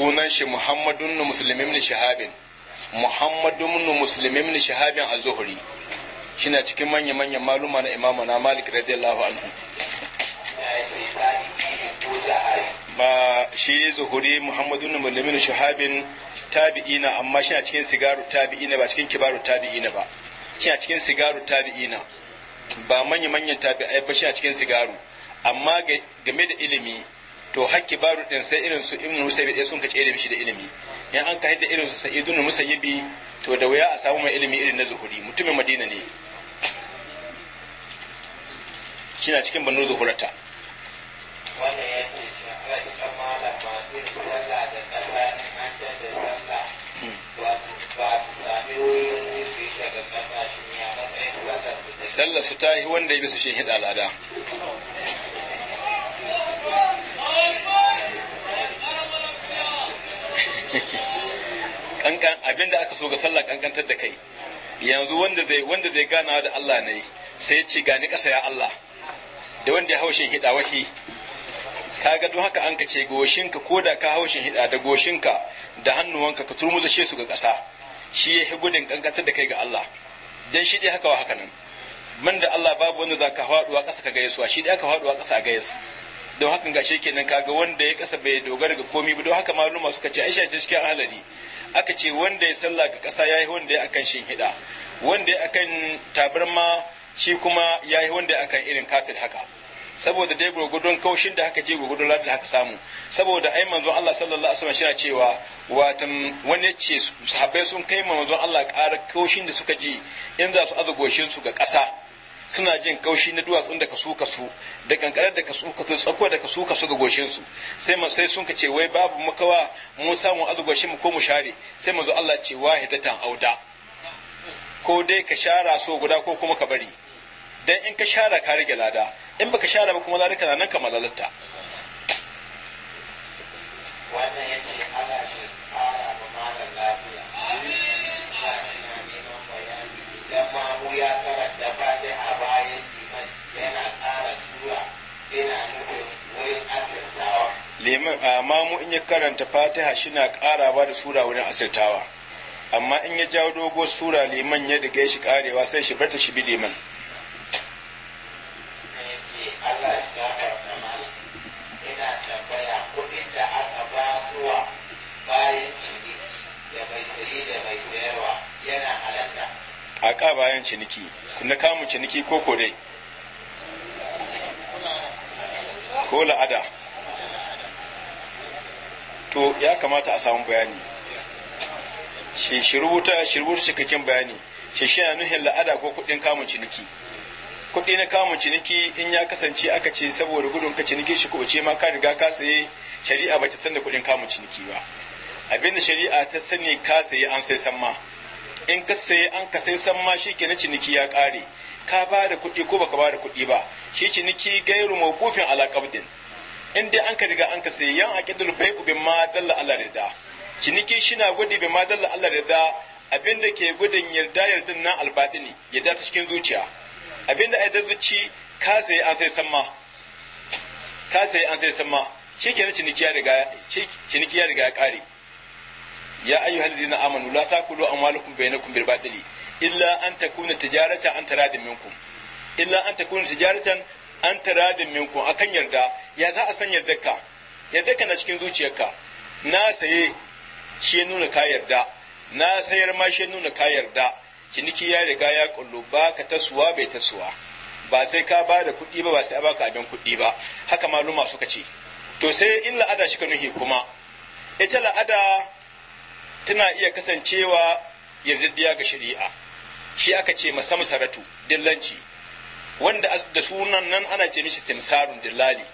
sunan shi muhammadun nu muslimin shahabin muhammadun nu muslimin shahabin a zuhuri shina cikin manya-manyan maluma na imama na malik radiyallahu anhu ba shi zuhuri muhammadun nu muslimin shahabin tabi'i na amma shi shina cikin sigaru tabi'ina ba cikin kibaru tabi'i na ba shi shina cikin sigaru tabi'i na ba manya-manyan tabi'ai ba shi shina cikin sigaru amma game da ilimi to hakki baru din sai irin su ibnu musayyib sun ka tsere mishi da ilimi in an ka hidda irin su sa'idun musayyib to da wuya a samu mai ilimi irin na zuhuri mutumin madina ne Shi na cikin banu zuhurata sallah su ta yi wanda ya bi su shi hida al'ada kankan da aka so ga sallah kankantar da kai yanzu wanda zai wanda zai gana da Allah ne sai ya ce gani kasa ya Allah da wanda ya haushin hida wahi kaga don haka an ka ce goshinka ko da ka haushin hida da goshinka da hannuwanka ka turmuzashe su ga kasa shi ya gudun kankantar da kai ga Allah dan shi dai haka wa haka nan man da Allah babu wanda za ka faduwa kasa ka gaisuwa, shi dai aka faduwa kasa a gaisu don haka gashe kenan kaga wanda ya kasa bai dogara ga komi ba don haka maluma suka ce aisha ce cikin ahalari aka ce wanda ya sallah ga kasa yayi wanda ya akan shin hida wanda ya akan tabarma shi kuma yayi wanda ya akan irin kafir haka saboda dai gurgudun kaushin da haka je gurgudun ladar da haka samu saboda ai manzon Allah sallallahu alaihi wasallam shina cewa watan wani ya ce sahabbai sun kai manzon Allah ƙara kaushin da suka ji in za su azugoshin su ga ƙasa suna jin kaushi na duwatsun da ka kasu su da kankarar da ka kasu su tsakuwa da ka kasu su ga goshin su sai mu sai sun ce wai babu makawa mu samu azu goshin mu ko mu share sai mu zo Allah ce wahidatan auda ko dai ka shara so guda ko kuma ka bari dan in ka shara ka rage lada in baka shara ba kuma za ka nan ka malalatta wannan yace ana shi fara ba malam lafiya amin ina neman bayani ma mu ya mu in ya karanta fatiha shina ba da sura wurin asirtawa amma in ya jawo dogo sura liman ya daga shi karewa sai shi barta shi bi liman a ka bayan ciniki na kamun ciniki ko dai ko la'ada to ya kamata a samu bayani shi shi rubuta shi cikakken bayani shi shi na nuhin la'ada ko kuɗin kamun ciniki kuɗi na kamun ciniki in ya kasance aka ce saboda gudun ka ciniki shi kuɓace ma ka riga ka saye shari'a ba ta san da kuɗin kamun ciniki ba abinda shari'a ta sani ka saye an sai samma in ka saye an ka sai samma shi ke na ciniki ya ƙare ka ba da kuɗi ko baka ba da kuɗi ba shi ciniki gairu mawkufin ala in dai an ka riga an ka sai yan aqidul ku bi ma dalla Allah rida ciniki shina gudi bi ma dalla Allah rida abinda ke gudun yarda yardan nan albatini yadda ta cikin zuciya abinda ai da zuci ka sai an sai samma ka sai an sai samma shikenan ciniki ya riga ciniki ya riga ya kare ya ayyuhalladhina amanu la taqulu amwalakum bainakum bil batili illa an takuna tijaratan an taradin minkum illa an takuna tijaratan an tara minku a akan yarda ya za a san yarda ka? Yarda ka na cikin zuciyarka na saye shi ya nuna ka yarda na sayar ma shi ya nuna ka yarda ciniki ya riga ya kullu ba ka tasuwa bai tasuwa ba sai ka ba da kuɗi ba ba sai a baka abin kuɗi ba haka maluma suka ce to sai in la'ada shi ka nuhi kuma ita la'ada tana iya kasancewa yardaddiya ga shari'a shi aka ce masamsaratu dillanci wanda da sunan nan ana ce mishi simsarun dillali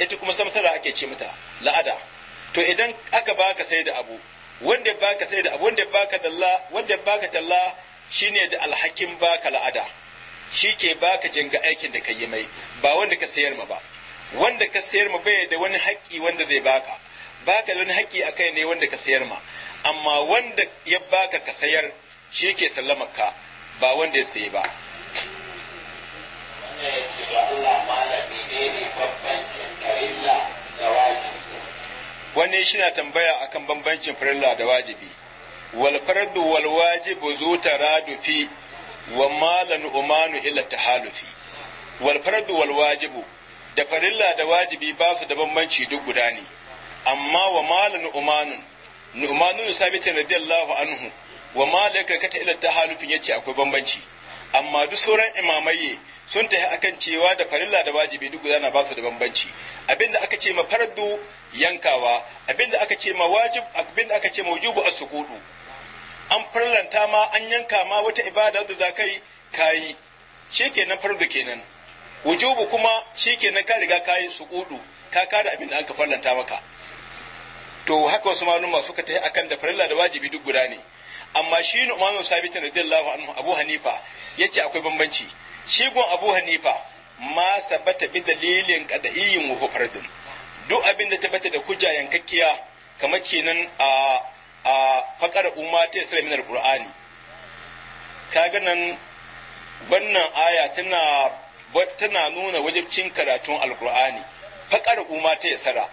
ita kuma samsara ake ce mata la'ada to idan aka baka sai da abu wanda baka sai da abu wanda baka dalla wanda baka talla shine da alhakin baka la'ada shi ke baka jinga aikin da ka yi mai ba wanda ka sayar ma ba wanda ka sayar ma bai da wani haƙƙi wanda zai baka baka da wani haƙƙi a kai ne wanda ka sayar ma amma wanda ya baka ka sayar shi ke sallamar ka ba wanda ya sayi ba wani shina tambaya akan bambancin farilla da wajibi wal fardu wal wajibu zu taradufi wa malan umanu ila tahalufi wal fardu wal wajibu da farilla da wajibi ba su da bambanci duk guda ne amma wa malan umanu nu'manun sabitin radiyallahu anhu wa malaka kata ila tahalufin yace akwai bambanci amma duk sauran imamai sun tafi akan cewa da farilla da wajibi duk guda na ba su da bambanci abinda aka ce ma fardu yankawa abinda aka ce ma wajib abinda aka ce ma wujubu as-sukudu an farlanta ma an yanka ma wata ibada da za kai kai shikenan fardu kenan wujubu kuma shikenan ka riga kai sukudu ka kada abinda an ka farlanta maka to haka wasu malumma suka tafi akan da farilla da wajibi duk guda ne amma shi ne Nu'man sabitin radiyallahu anhu Abu Hanifa ce akwai bambanci shi gun Abu Hanifa ma sabata bi dalilin qad'iyyin wa fardun duk abin da tabbata da kuja yankakkiya kamar kenan a a faqara umma ta isra min alqur'ani kaga nan wannan aya tana tana nuna wajibcin karatun alqur'ani faqara umma ta isra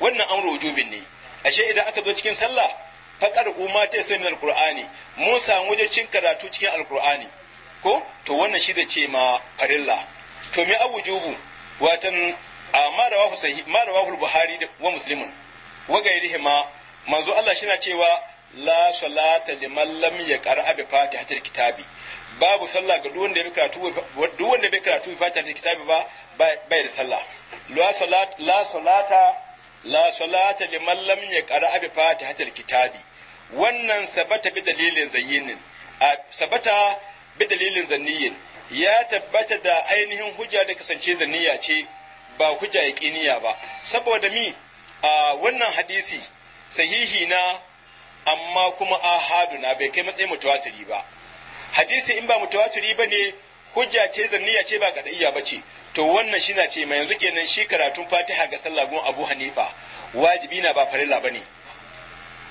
wannan amru wujubin ne ashe idan aka zo cikin sallah faƙar ma ta sai min alƙur'ani mun samu cin karatu cikin alƙur'ani ko to wannan shi zai ce ma farilla to me juhu watan ma rawahu sahih marawa rawahu buhari wa muslimun wa ma manzo Allah shi na cewa la salata liman lam yaqra bi fatihatil kitabi babu sallah ga duk wanda bai karatu duk wanda bai karatu bi fatihatil kitabi ba bai da sallah la la salata la salata man lam yaqra bi fatihati kitabi wannan sabata bi dalilin zayyinin sabata bi dalilin zanniyin ya tabbata da ainihin hujja da kasance zanniya ce ba hujja yaqiniya ba saboda mi a wannan hadisi sahihi na amma kuma ahadu na bai kai matsayin mutawatiri ba hadisi in ba mutawatiri ba ne hujja ce zanniya ce ba kadaiya ce to wannan shi na ce mai yanzu kenan shi karatun fatiha ga sallah gun abu hanifa wajibi na ba farilla ne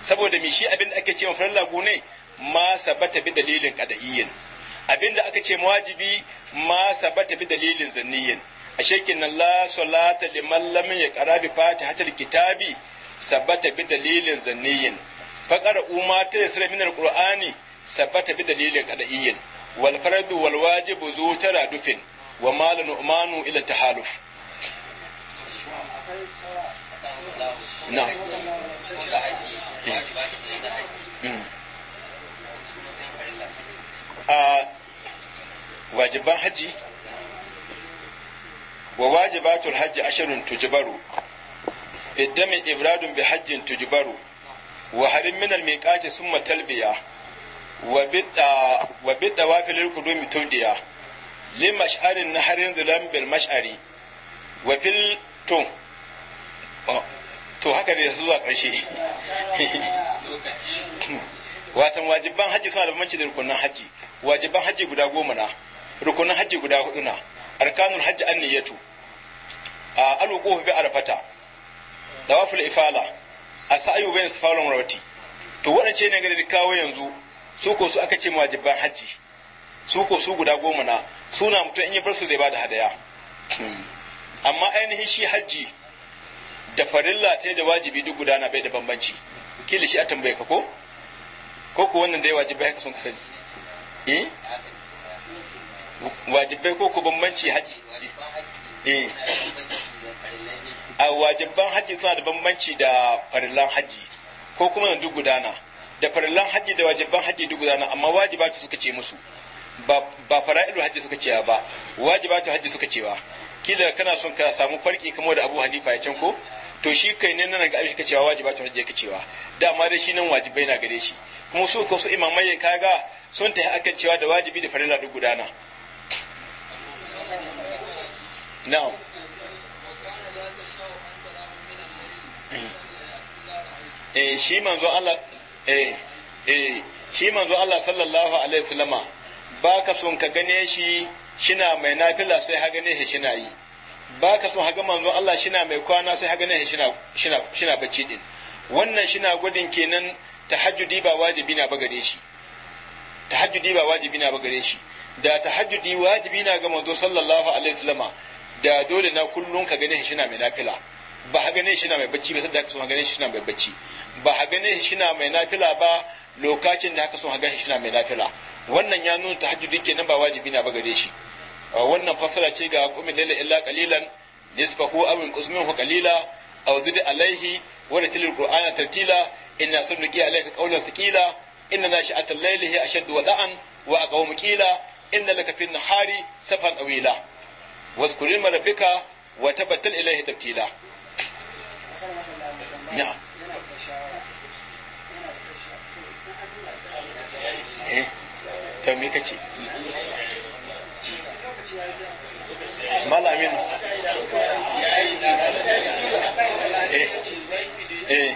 saboda me shi abin da ake ce farilla gun ne ma sabata bi dalilin kadaiyin abin da aka ce wajibi ma sabata bi dalilin zanniyin ashe kenan la salata liman lam yaqra bi fatihatil kitabi sabata bi dalilin zanniyin faqara umma ta yasra min alqur'ani sabata bi dalilin kadaiyin wal fardu wal wajibu zu taradufin wa mal nu'manu ila tahaluf na hmm. a wajiban haji wa wajibatul hajji ashirin tujbaru bidamin ibradun bi hajjin tujbaru wa talbiya wa bidda wa filil kudumi tawdiya li mash'arin naharin zulam bil mash'ari wa fil tun to haka ne zuwa ƙarshe watan wajiban haji suna da bambanci da rukunan haji wajiban haji guda goma na rukunan haji guda hudu na arkanul haji an niyyatu a aluquhu bi arfata dawaful ifala asayu bain safa wal rawati. to wadance ne ga da kawo yanzu su ko su aka ce wajibban hajji su ko su guda goma na suna mutum in yi bar su zai bada hadaya hmm. amma ainihin shi hajji da farilla ta da wajibi duk na bai da bambanci kila shi a tambaye ka ko ko ko wannan da ya Wajibba haka sun kasance eh wajibai ko ko bambanci hajji eh a wajibban hajji suna da bambanci da farillan hajji. ko kuma duk gudana da farallan haji da wajibban haji duk guda amma wajibatu suka ce musu ba fara'ilul haji suka ce ba wajibatu haji suka ce ba kila kana son ka samu farki kamar da Abu Hanifa ya can ko to shi kai ne nan ga abin ka cewa wajibatu haji ka cewa ma dai shi nan wajibai na gare shi kuma su ko su imamai kaga sun ta akan cewa da wajibi da farilla duk gudana na'am eh shi manzo Allah eh eh shi manzo Allah sallallahu alaihi wasallama baka son ka gane shi shina mai nafila sai ha gane shi shina yi baka son haga manzo Allah shina mai kwana sai ha gane shi shina shina shina bacci din wannan shina gudin kenan tahajjudi ba wajibi na ba gare shi tahajjudi ba wajibi na ba gare shi da tahajjudi wajibi na ga manzo sallallahu alaihi wasallama da dole na kullun ka gane shi shina mai nafila ba ha gane shi shina mai bacci ba sai da ka son ha gane shi shina mai bacci ba a gane shi na mai nafila ba lokacin da haka sun ha shi na mai nafila wannan ya nuna tahajjudi kenan ba wajibi na ba gare shi wannan fasara ce ga qumi laila illa qalilan nisfahu aw inqus minhu qalila aw zid alaihi wa ratil qur'ana tartila inna sunnuki alayka qawlan thaqila inna nashi'at al-layli ashaddu wada'an wa aqawmu qila inna laka fi an-nahari safan awila واذكر المربك وتبتل إليه تبتيلا نعم kai me kace malamin eh eh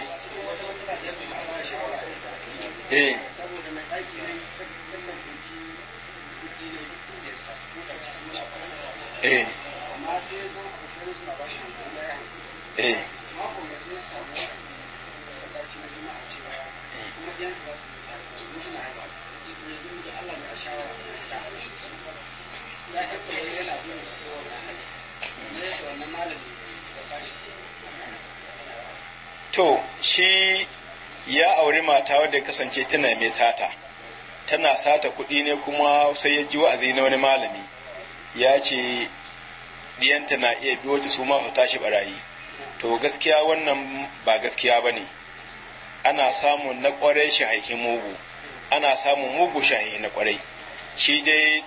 eh eh eh, eh. to shi ya auri mata wadda ya kasance tana mai sata tana sata kuɗi ne kuma sai ya ji wa'azi na wani malami ya ce diyanta na iya biyo ta su su tashi barayi to gaskiya wannan ba gaskiya ba ne ana samun na shi shahihin mugu ana samun mugu shahihin na ƙwarai. shi dai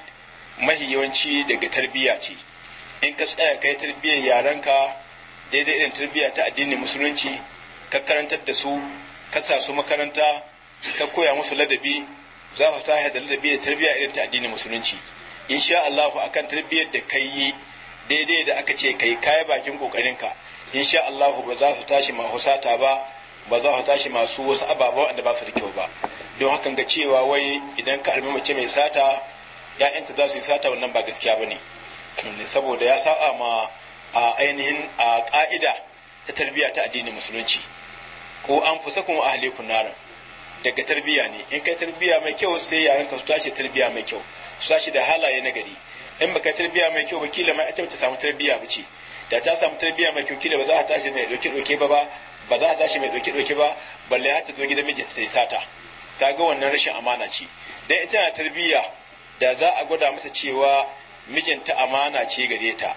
mahi yawanci daga tarbiyya ce in ka tsaya kai tarbiyyar yaranka daidai irin tarbiyya ta addinin musulunci ka karantar da su ka sa su makaranta ka koya musu ladabi za ku tashi da ladabi da tarbiyya irin ta addinin musulunci insha Allahu akan tarbiyyar da kai yi daidai da aka ce kai kai bakin kokarinka insha Allahu ba za su tashi husata ba ba za su tashi masu wasu ababa da ba su da kyau ba don hakan ga cewa wai idan ka almi mace mai sata ya'yanta za su yi sata wannan ba gaskiya ba ne saboda ya sa'a ma a ainihin a ƙa'ida ta tarbiyya ta addinin musulunci ko an fusa kuma a halekun naran daga tarbiyya ne in kai tarbiyya mai kyau sai yaran ka su tashi tarbiyya mai kyau su tashi da halaye na gari in baka tarbiyya mai kyau ba kila mai ita ta samu tarbiyya ba ce da ta samu tarbiyya mai kyau kila ba za ta tashi mai doke doke ba ba ba za ta tashi mai doke doke ba balle har ta zo gidan mijinta ta yi sata ta ga wannan rashin amana ce dan ita na tarbiyya da za a gwada mata cewa mijinta amana ce gare ta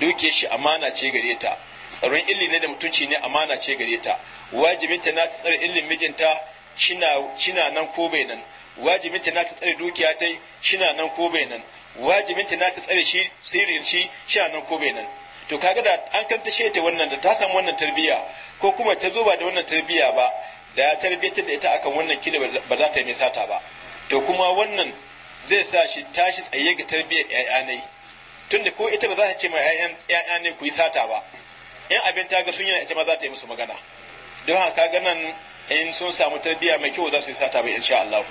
duke shi amana ce gare ta tsaron illi ne da mutunci ne amana ce gare ta wajibinta na ta tsare illin mijinta shina nan ko bai nan wajibinta na ta tsare dukiya ta shina nan ko bai nan wajibinta na ta tsare shi sirrin shi shina nan ko bai nan to kaga da an kanta ta wannan da ta samu wannan tarbiyya ko kuma ta zo ba da wannan tarbiyya ba da ya tarbiyyatar da ita akan wannan kida ba za ta yi mai sata ba to kuma wannan zai sa shi tashi tsaye ga tarbiyyar ƴaƴa ne tunda ko ita ba za ta ce mai ƴaƴa ne ku yi sata ba in abin ta ga sun yana ita ma za ta yi musu magana don haka nan in sun samu tarbiyya mai kyau za su yi sata ba insha Allah